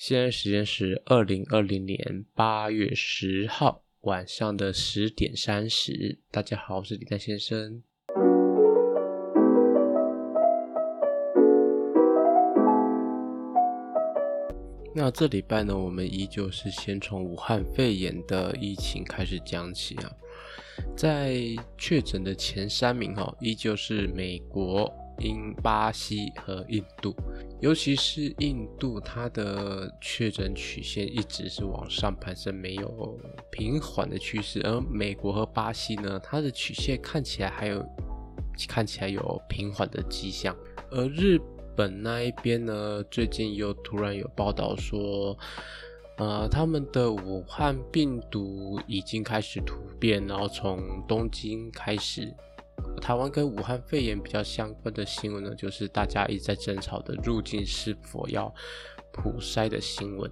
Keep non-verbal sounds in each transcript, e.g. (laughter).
現在時間是二零二零年八月十號晚上的十點三十。大家好，我是李誕先生。 (music) 那這禮拜呢，我們依舊是先從武漢肺炎的疫情開始講起啊。在確診的前三名哈、哦，依舊是美國。因巴西和印度，尤其是印度，它的確診曲線一直是往上攀升，沒有平緩的趨勢。而美國和巴西呢，它的曲線看起來還有看起來有平緩的跡象。而日本那一邊呢，最近又突然有報道說，呃，他們的武漢病毒已經開始突變，然後從東京開始。台灣跟武漢肺炎比較相關的新聞呢，就是大家一直在爭吵的入境是否要普篩的新聞。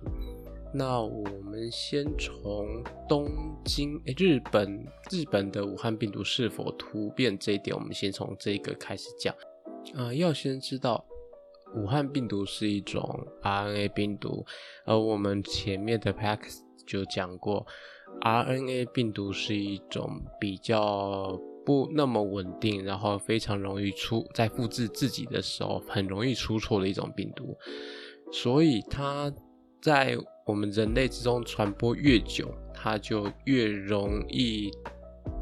那我們先從東京，欸，日本，日本的武漢病毒是否突變這一點，我們先從這個開始講。呃，要先知道，武漢病毒是一種 RNA 病毒，而我們前面的 Packs 就講過，RNA 病毒是一種比較。不那麼穩定，然後非常容易出在複製自己的時候，很容易出錯的一種病毒。所以它在我們人類之中傳播越久，它就越容易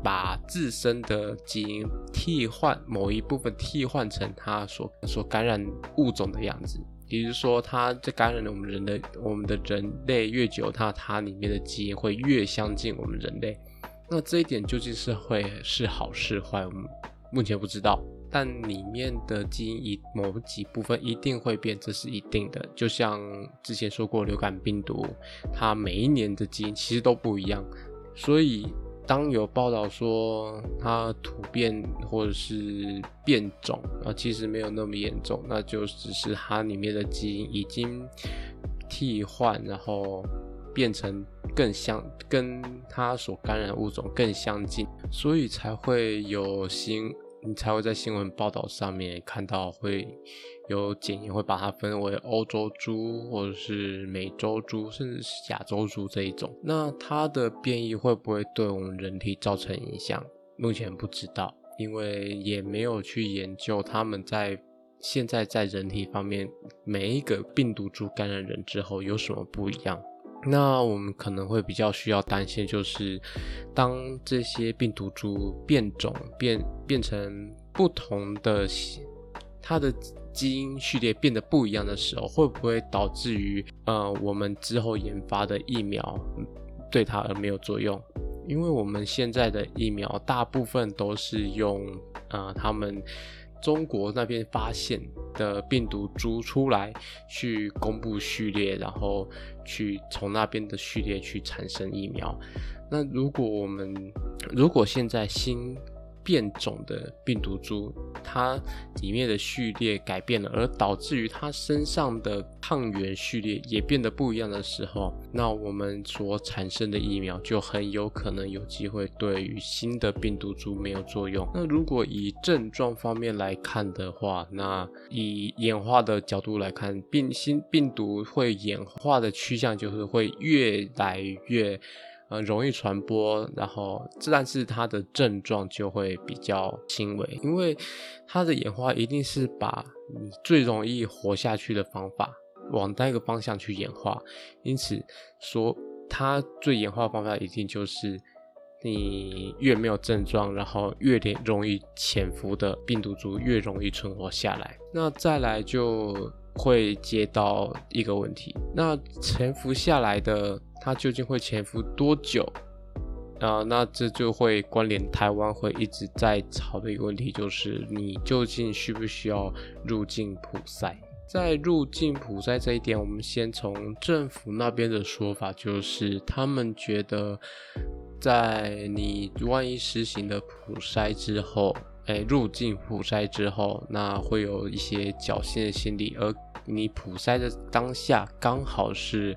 把自身的基因替換某一部分，替換成它所所感染物種的樣子。也就是說，它在感染了我們人的我們的人類越久，它它裡面的基因會越相近我們人類。那這一點究竟是會是好是壞，我們目前不知道。但裡面的基因以某幾部分一定會變，這是一定的。就像之前說過，流感病毒它每一年的基因其實都不一樣。所以當有報道說它突變或者是變種，啊，其實沒有那麼嚴重，那就只是它裡面的基因已經替換，然後。變成更相跟它所感染的物種更相近，所以才會有新，你才會在新聞報道上面看到會有檢驗，會把它分為歐洲豬或者是美洲豬，甚至是亞洲豬這一種。那它的變異會不會對我們人體造成影響？目前不知道，因為也沒有去研究他們在現在在人體方面每一個病毒株感染人之後有什麼不一樣。那我們可能會比較需要擔心，就是當這些病毒株變種變變成不同的，它的基因序列變得不一樣的時候，會不會導致於呃我們之後研發的疫苗對它而沒有作用？因為我們現在的疫苗大部分都是用呃他們。中國那邊發現的病毒株出來，去公布序列，然後去從那邊的序列去產生疫苗。那如果我們如果現在新變種的病毒株，它裡面的序列改變了，而導致於它身上的抗原序列也變得不一樣的時候，那我們所產生的疫苗就很有可能有機會對於新的病毒株沒有作用。那如果以症狀方面來看的話，那以演化的角度來看，病新病毒會演化的趨向就是會越來越。容易傳播，然後，但是它的症狀就會比較輕微，因為它的演化一定是把你最容易活下去的方法往那個方向去演化，因此說它最演化的方法一定就是你越沒有症狀，然後越容易潛伏的病毒株越容易存活下來。那再來就會接到一個問題，那潛伏下來的。他究竟會潛伏多久？啊、呃，那這就會關聯台灣會一直在吵的一個問題，就是你究竟需不需要入境普篩？在入境普篩這一點，我們先從政府那邊的說法，就是他們覺得，在你萬一實行了普篩之後，哎，入境普篩之後，那會有一些僥倖的心理，而你普篩的當下剛好是。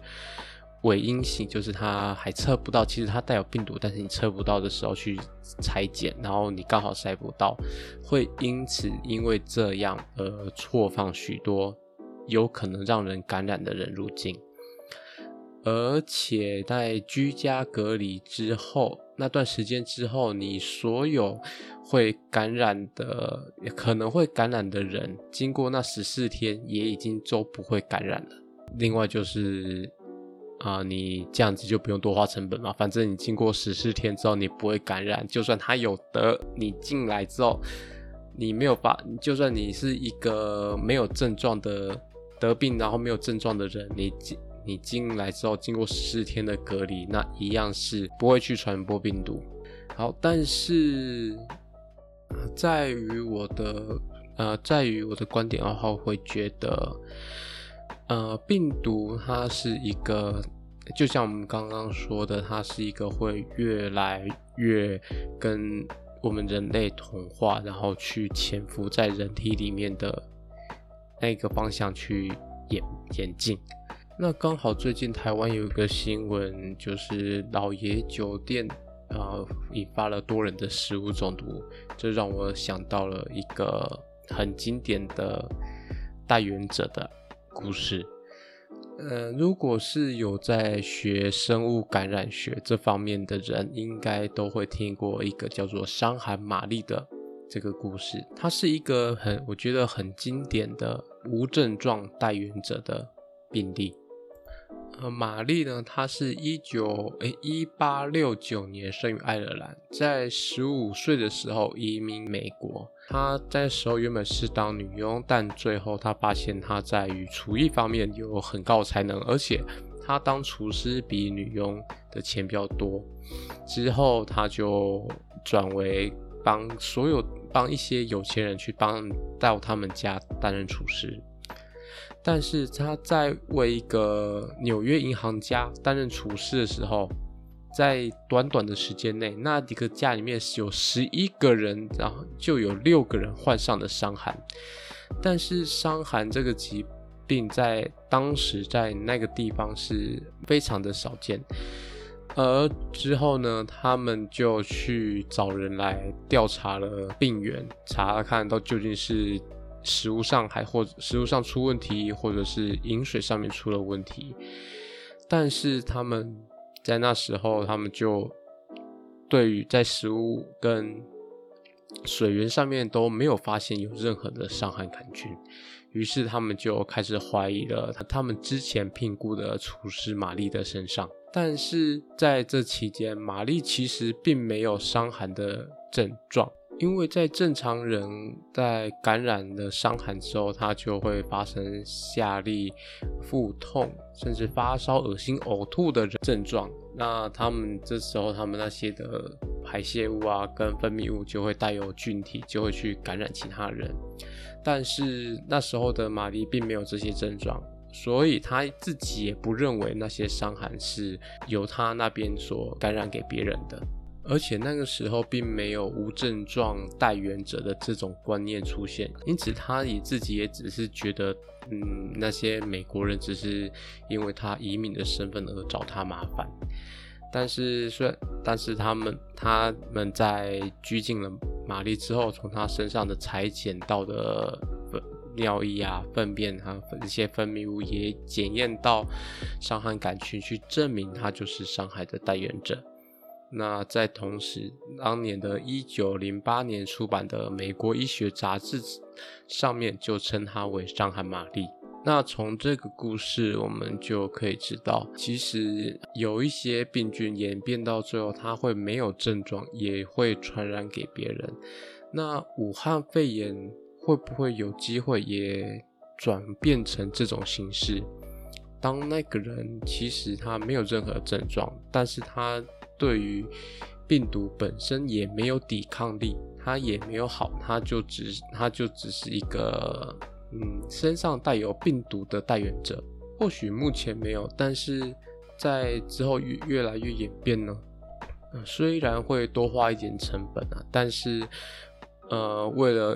偽陰性就是它還測不到，其實它帶有病毒，但是你測不到的時候去採檢，然後你剛好篩不到，會因此因為這樣而錯放許多有可能讓人感染的人入境。而且在居家隔離之後，那段時間之後，你所有會感染的、可能會感染的人，經過那十四天也已經都不會感染了。另外就是。啊、呃，你這樣子就不用多花成本嘛。反正你經過十四天之後，你不會感染。就算他有得，你進來之後，你沒有把，就算你是一個沒有症狀的得病，然後沒有症狀的人，你進你進來之後，經過十四天的隔離，那一樣是不會去傳播病毒。好，但是在於我的呃，在於我的觀點的話，我會覺得。呃，病毒它是一個，就像我們剛剛說的，它是一個會越來越跟我們人類同化，然後去潛伏在人體裡面的那個方向去演演進。那剛好最近台灣有一個新聞，就是老爺酒店啊、呃，引發了多人的食物中毒，這讓我想到了一個很經典的帶原者的。故事，呃，如果是有在學生物感染學這方面的人，應該都會聽過一個叫做“傷寒瑪麗”的這個故事。它是一個很，我覺得很經典的無症狀帶原者的病例。呃，瑪麗呢，她是一九誒一八六九年生於愛爾蘭，在十五歲的時候移民美國。他在時候原本是當女傭，但最後他發現他在於廚藝方面有很高的才能，而且他當廚師比女傭的錢比較多。之後他就轉為幫所有幫一些有錢人去幫到他們家擔任廚師。但是他在為一個紐約銀行家擔任廚師的時候。在短短的時間內，那一個家裡面有十一個人，然後就有六個人患上了傷寒。但是傷寒這個疾病在當時在那個地方是非常的少見。而之後呢，他們就去找人來調查了病源，查看到究竟是食物上還或食物上出問題，或者是飲水上面出了問題。但是他們。在那時候，他們就對於在食物跟水源上面都沒有發現有任何的傷寒桿菌，於是他們就開始懷疑了他他們之前聘雇的廚師瑪麗的身上。但是在這期間，瑪麗其實並沒有傷寒的症狀。因為在正常人在感染了傷寒之後，他就會發生下痢、腹痛，甚至發燒、噁心、嘔吐的症狀。那他們這時候他們那些的排泄物啊，跟分泌物就會帶有菌體，就會去感染其他人。但是那時候的瑪麗並沒有這些症狀，所以她自己也不認為那些傷寒是由她那邊所感染給別人的。而且那個時候並沒有無症狀帶源者的這種觀念出現，因此他也自己也只是覺得，嗯，那些美國人只是因為他移民的身份而找他麻煩。但是雖然，但是他們他們在拘禁了瑪麗之後，從她身上的裁剪到的尿液啊、糞便啊一些分泌物也檢驗到傷寒桿菌，去證明他就是傷寒的帶源者。那在同時，當年的一九零八年出版的《美國醫學雜誌》上面就稱他為“傷寒瑪麗”。那從這個故事，我們就可以知道，其實有一些病菌演變到最後，它會沒有症狀，也會傳染給別人。那武漢肺炎會不會有機會也轉變成這種形式？當那個人其實他沒有任何症狀，但是他。對於病毒本身也沒有抵抗力，它也沒有好，它就只它就只是一個嗯，身上帶有病毒的帶原者。或許目前沒有，但是在之後越，越來越演變呢、呃。雖然會多花一點成本啊，但是呃，為了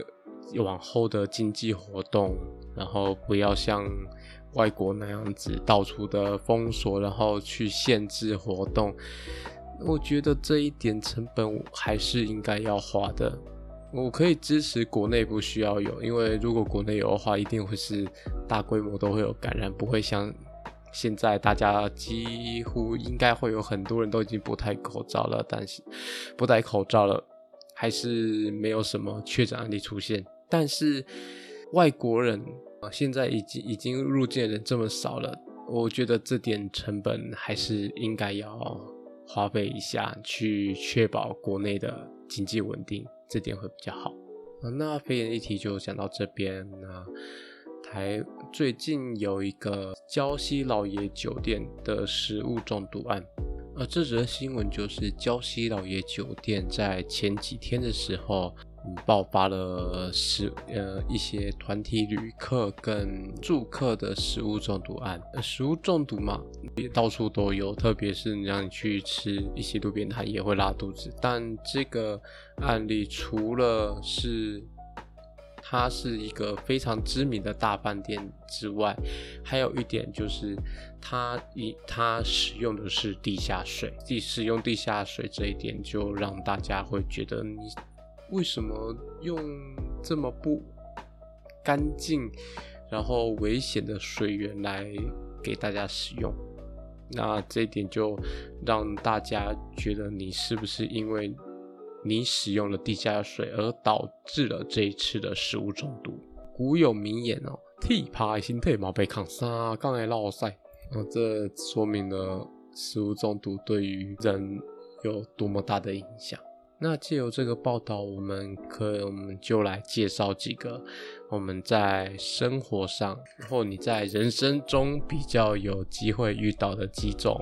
往後的經濟活動，然後不要像外國那樣子到處的封鎖，然後去限制活動。我覺得這一點成本還是應該要花的。我可以支持國內不需要有，因為如果國內有的話，一定會是大規模都會有感染，不會像現在大家幾乎應該會有很多人都已經不戴口罩了。但是不戴口罩了，還是沒有什麼確診案例出現。但是外國人啊，現在已經已經入境的人這麼少了，我覺得這點成本還是應該要。花費一下去確保國內的經濟穩定，這點會比較好。呃、那肺炎議題就講到這邊。啊、呃，台最近有一個礁溪老爺酒店的食物中毒案。而、呃、這則新聞就是礁溪老爺酒店在前幾天的時候。爆發了食呃一些團體旅客跟住客的食物中毒案。呃，食物中毒嘛，也到處都有，特別是你讓你去吃一些路邊攤也會拉肚子。但這個案例除了是它是一個非常知名的大飯店之外，還有一點就是它以它使用的是地下水，即使用地下水這一點就讓大家會覺得你。為什麼用這麼不乾淨，然後危險的水源來給大家使用？那這一點就讓大家覺得你是不是因為你使用了地下水而導致了這一次的食物中毒？古有名言哦，“剃怕心剃毛被砍，三剛才老賽”，哦，這說明了食物中毒對於人有多麼大的影響。那借由這個報道，我們可我們就來介紹幾個我們在生活上或你在人生中比較有機會遇到的幾種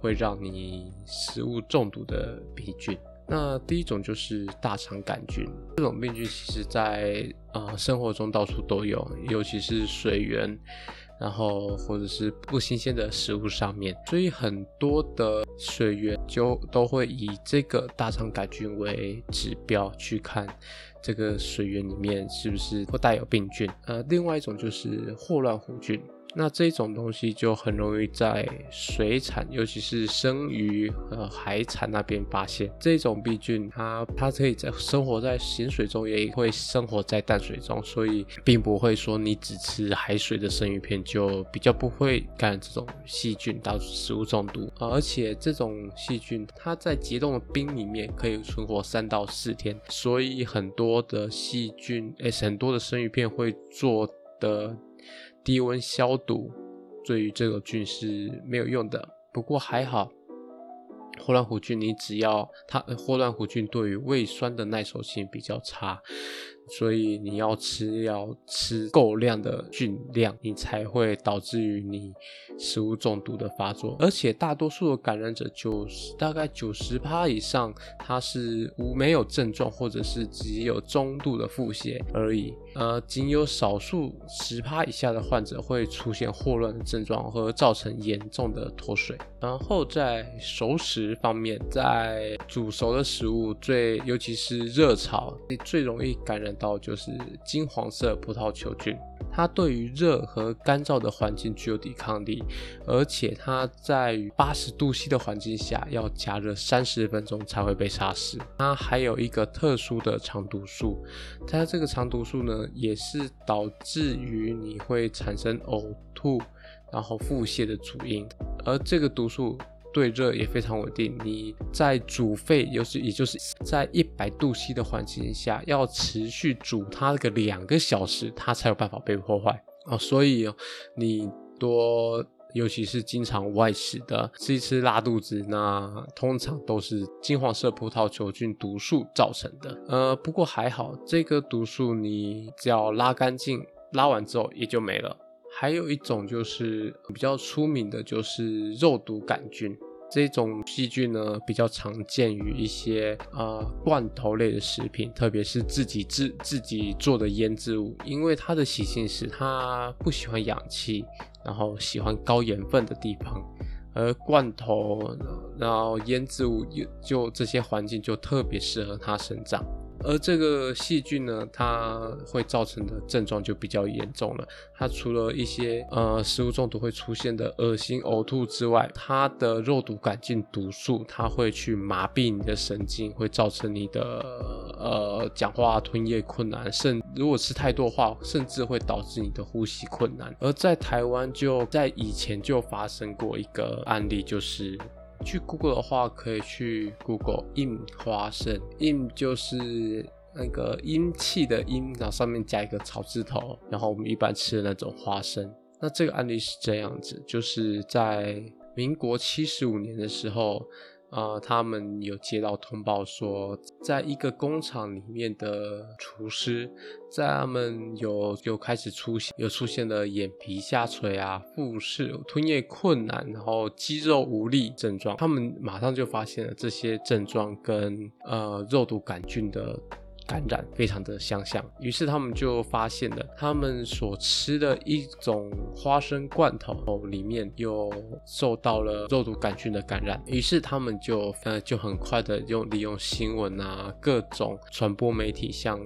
會讓你食物中毒的病菌。那第一種就是大腸桿菌，這種病菌其實在呃生活中到處都有，尤其是水源。然後或者是不新鮮的食物上面，所以很多的水源就都會以這個大腸桿菌為指標去看這個水源裡面是不是會帶有病菌。呃，另外一種就是霍亂弧菌。那這種東西就很容易在水產，尤其是生魚和海產那邊發現。這種病菌它，它它可以在生活在鹹水中，也會生活在淡水中，所以並不會說你只吃海水的生魚片，就比較不會感染這種細菌，導致食物中毒。而且這種細菌它在急凍的冰裡面可以存活三到四天，所以很多的細菌，哎，很多的生魚片會做的低溫消毒，對於這個菌是沒有用的，不過還好，霍亂弧菌你只要它，霍亂弧菌對於胃酸的耐受性比較差。所以你要吃你要吃夠量的菌量，你才會導致於你食物中毒的發作。而且大多數的感染者就是大概九十趴以上，它是無沒有症狀，或者是只有中度的腹瀉而已。呃，僅有少數十趴以下的患者會出現霍亂的症狀和造成嚴重的脫水。然後在熟食方面，在煮熟的食物最尤其是熱炒，最容易感染。到就是金黃色葡萄球菌，它對於熱和乾燥的環境具有抵抗力，而且它在八十度 C 的環境下要加熱三十分鐘才會被殺死。它還有一個特殊的腸毒素，它這個腸毒素呢，也是導致於你會產生嘔吐，然後腹瀉的主因，而這個毒素。對熱也非常穩定，你在煮沸，尤其也就是在一百度 C 的環境下，要持續煮它個兩個小時，它才有辦法被破壞啊，哦，所以哦，你多，尤其是經常外食的，吃一吃拉肚子，那通常都是金黃色葡萄球菌毒素造成的。呃，不過還好，這個毒素你只要拉乾淨，拉完之後也就沒了。還有一種就是比較出名的，就是肉毒桿菌這種細菌呢，比較常見於一些啊、呃、罐頭類的食品，特別是自己製自，自己做的醃製物，因為它的習性是它不喜歡氧氣，然後喜歡高鹽分的地方，而罐頭然後醃製物就，就這些環境就特別適合它生長。而這個細菌呢，它會造成的症狀就比較嚴重了。它除了一些呃食物中毒會出現的噁心、嘔吐之外，它的肉毒桿菌毒素，它會去麻痹你的神經，會造成你的呃，呃講話、吞嚥困難，甚如果吃太多話，甚至會導致你的呼吸困難。而在台灣就，就在以前就發生過一個案例，就是。去 Google 的話，可以去 Google 蔭花生，蔭就是那個陰氣的陰，然後上面加一個草字頭，然後我們一般吃的那種花生。那這個案例是這樣子，就是在民國七十五年的時候。啊、呃，他們有接到通報說，在一個工廠裡面的廚師，在他們有有開始出現，有出現了眼皮下垂啊、複視吞咽困難，然後肌肉無力症狀，他們馬上就發現了這些症狀跟呃肉毒桿菌的。感染非常的相像，於是他們就發現了他們所吃的一種花生罐頭裡面又受到了肉毒桿菌的感染，於是他們就呃就很快的用利用新聞啊、各種傳播媒體向。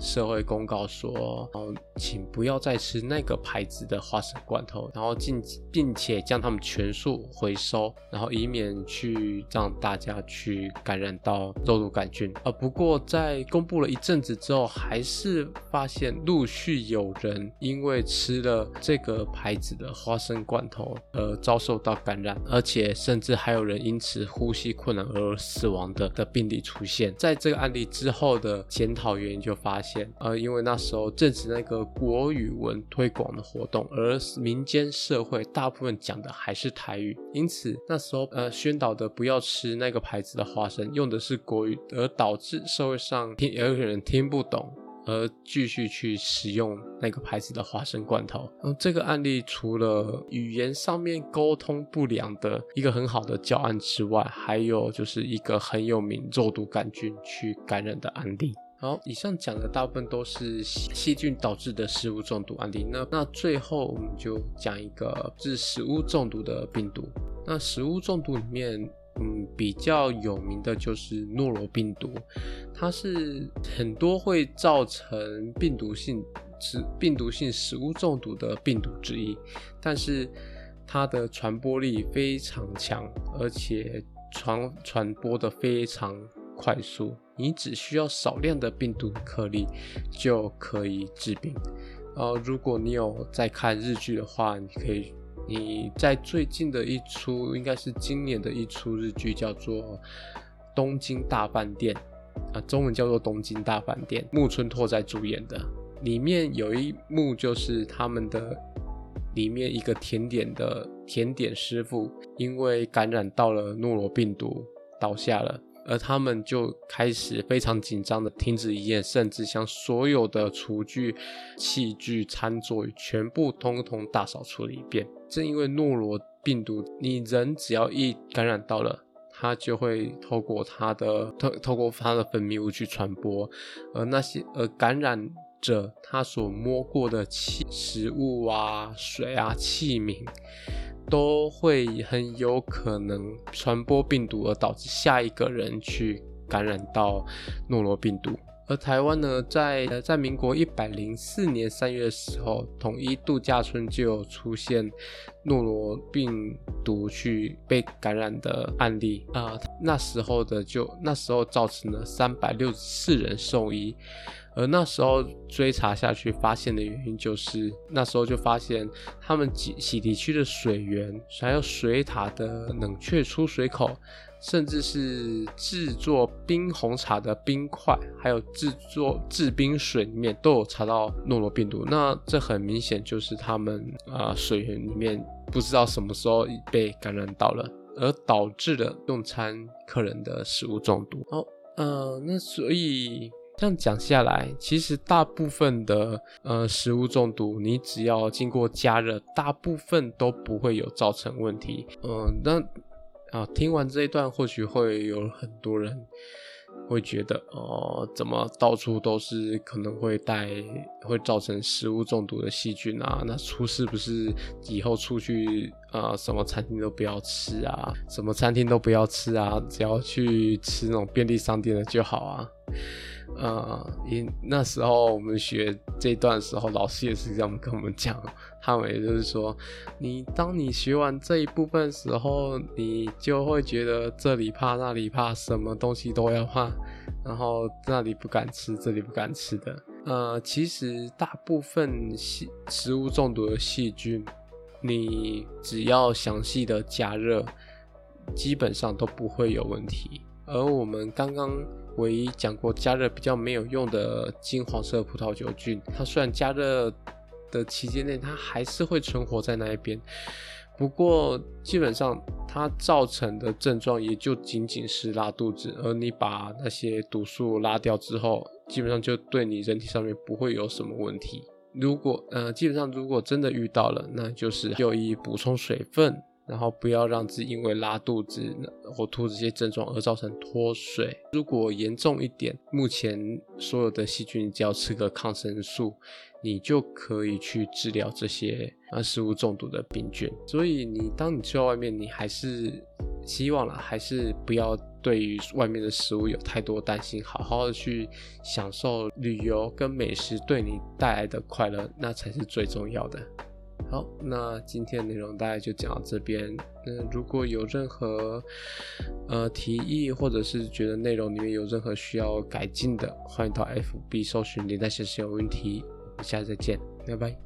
社會公告說：“嗯，請不要再吃那個牌子的花生罐頭，然後盡並且將它們全數回收，然後以免去讓大家去感染到肉毒桿菌。”啊，不過在公布了一陣子之後，還是發現陸續有人因為吃了這個牌子的花生罐頭，而遭受到感染，而且甚至還有人因此呼吸困難而死亡的的病例出現。在這個案例之後的檢討原因就發現。呃，因為那時候正值那個國語文推廣的活動，而民間社會大部分講的還是台語，因此那時候呃宣導的不要吃那個牌子的花生，用的是國語，而導致社會上聽也有人聽不懂，而繼續去使用那個牌子的花生罐頭。嗯、呃，這個案例除了語言上面溝通不良的一個很好的教案之外，還有就是一個很有名肉毒桿菌去感染的案例。好，以上講的大部分都是細菌導致的食物中毒案例。那那最後我們就講一個是食物中毒的病毒。那食物中毒裡面，嗯，比較有名的就是諾羅病毒，它是很多會造成病毒性食病毒性食物中毒的病毒之一，但是它的傳播力非常強，而且傳傳播的非常。快速，你只需要少量的病毒顆粒就可以致病。呃，如果你有在看日劇的話，你可以你在最近的一出，應該是今年的一出日劇，叫做《東京大飯店》，啊，中文叫做《東京大飯店》，木村拓哉主演的。裡面有一幕就是他們的裡面一個甜點的甜點師傅，因為感染到了諾羅病毒倒下了。而他們就開始非常緊張的停止營業，甚至將所有的廚具、器具、餐桌全部通通大掃除了一遍。正因為諾羅病毒，你人只要一感染到了，它就會透過它的透透過它的分泌物去傳播，而那些而感染者他所摸過的器食物啊、水啊、器皿。都會很有可能傳播病毒，而導致下一個人去感染到諾羅病毒。而台灣呢，在呃在民國一百零四年三月的時候，統一度假村就有出現諾羅病毒去被感染的案例啊、呃。那時候的就那時候造成了三百六十四人受醫。而那時候追查下去，發現的原因就是那時候就發現他們洗洗滌區的水源，還有水塔的冷卻出水口，甚至是制作冰紅茶的冰塊，還有制作制冰水裡面都有查到諾羅病毒。那這很明顯就是他們啊、呃、水源裡面不知道什麼時候被感染到了，而導致了用餐客人的食物中毒。好，呃，那所以。這樣講下來，其實大部分的呃食物中毒，你只要經過加熱，大部分都不會有造成問題。嗯、呃，那啊，聽完這一段，或許會有很多人會覺得，哦、呃，怎麼到處都是可能會帶會造成食物中毒的細菌啊？那出是不是以後出去啊、呃，什麼餐廳都不要吃啊，什麼餐廳都不要吃啊，只要去吃那種便利商店的就好啊。呃，因、嗯、那時候我們學這段時候，老師也是這樣跟我們講，他們也就是說，你當你學完這一部分時候，你就會覺得這裡怕那裡怕，什麼東西都要怕，然後那裡不敢吃，這裡不敢吃的。呃、嗯，其實大部分細食物中毒的細菌，你只要詳細的加熱，基本上都不會有問題。而我們剛剛唯一講過加熱比較沒有用的金黃色葡萄球菌，它雖然加熱的期間內它還是會存活在那一邊，不過基本上它造成的症狀也就僅僅是拉肚子，而你把那些毒素拉掉之後，基本上就對你人體上面不會有什麼問題。如果呃，基本上如果真的遇到了，那就是注意補充水分。然後不要讓自己因為拉肚子、嘔吐這些症狀而造成脫水。如果嚴重一點，目前所有的細菌，只要吃個抗生素，你就可以去治療這些讓食物中毒的病菌。所以你當你去到外面，你還是希望啦，還是不要對於外面的食物有太多擔心，好好的去享受旅遊跟美食對你帶來的快樂，那才是最重要的。好，那今天的內容大概就講到這邊。嗯，如果有任何呃提議，或者是覺得內容裡面有任何需要改進的，歡迎到 FB 搜尋你的醫師有問題。我們下次再見，拜拜。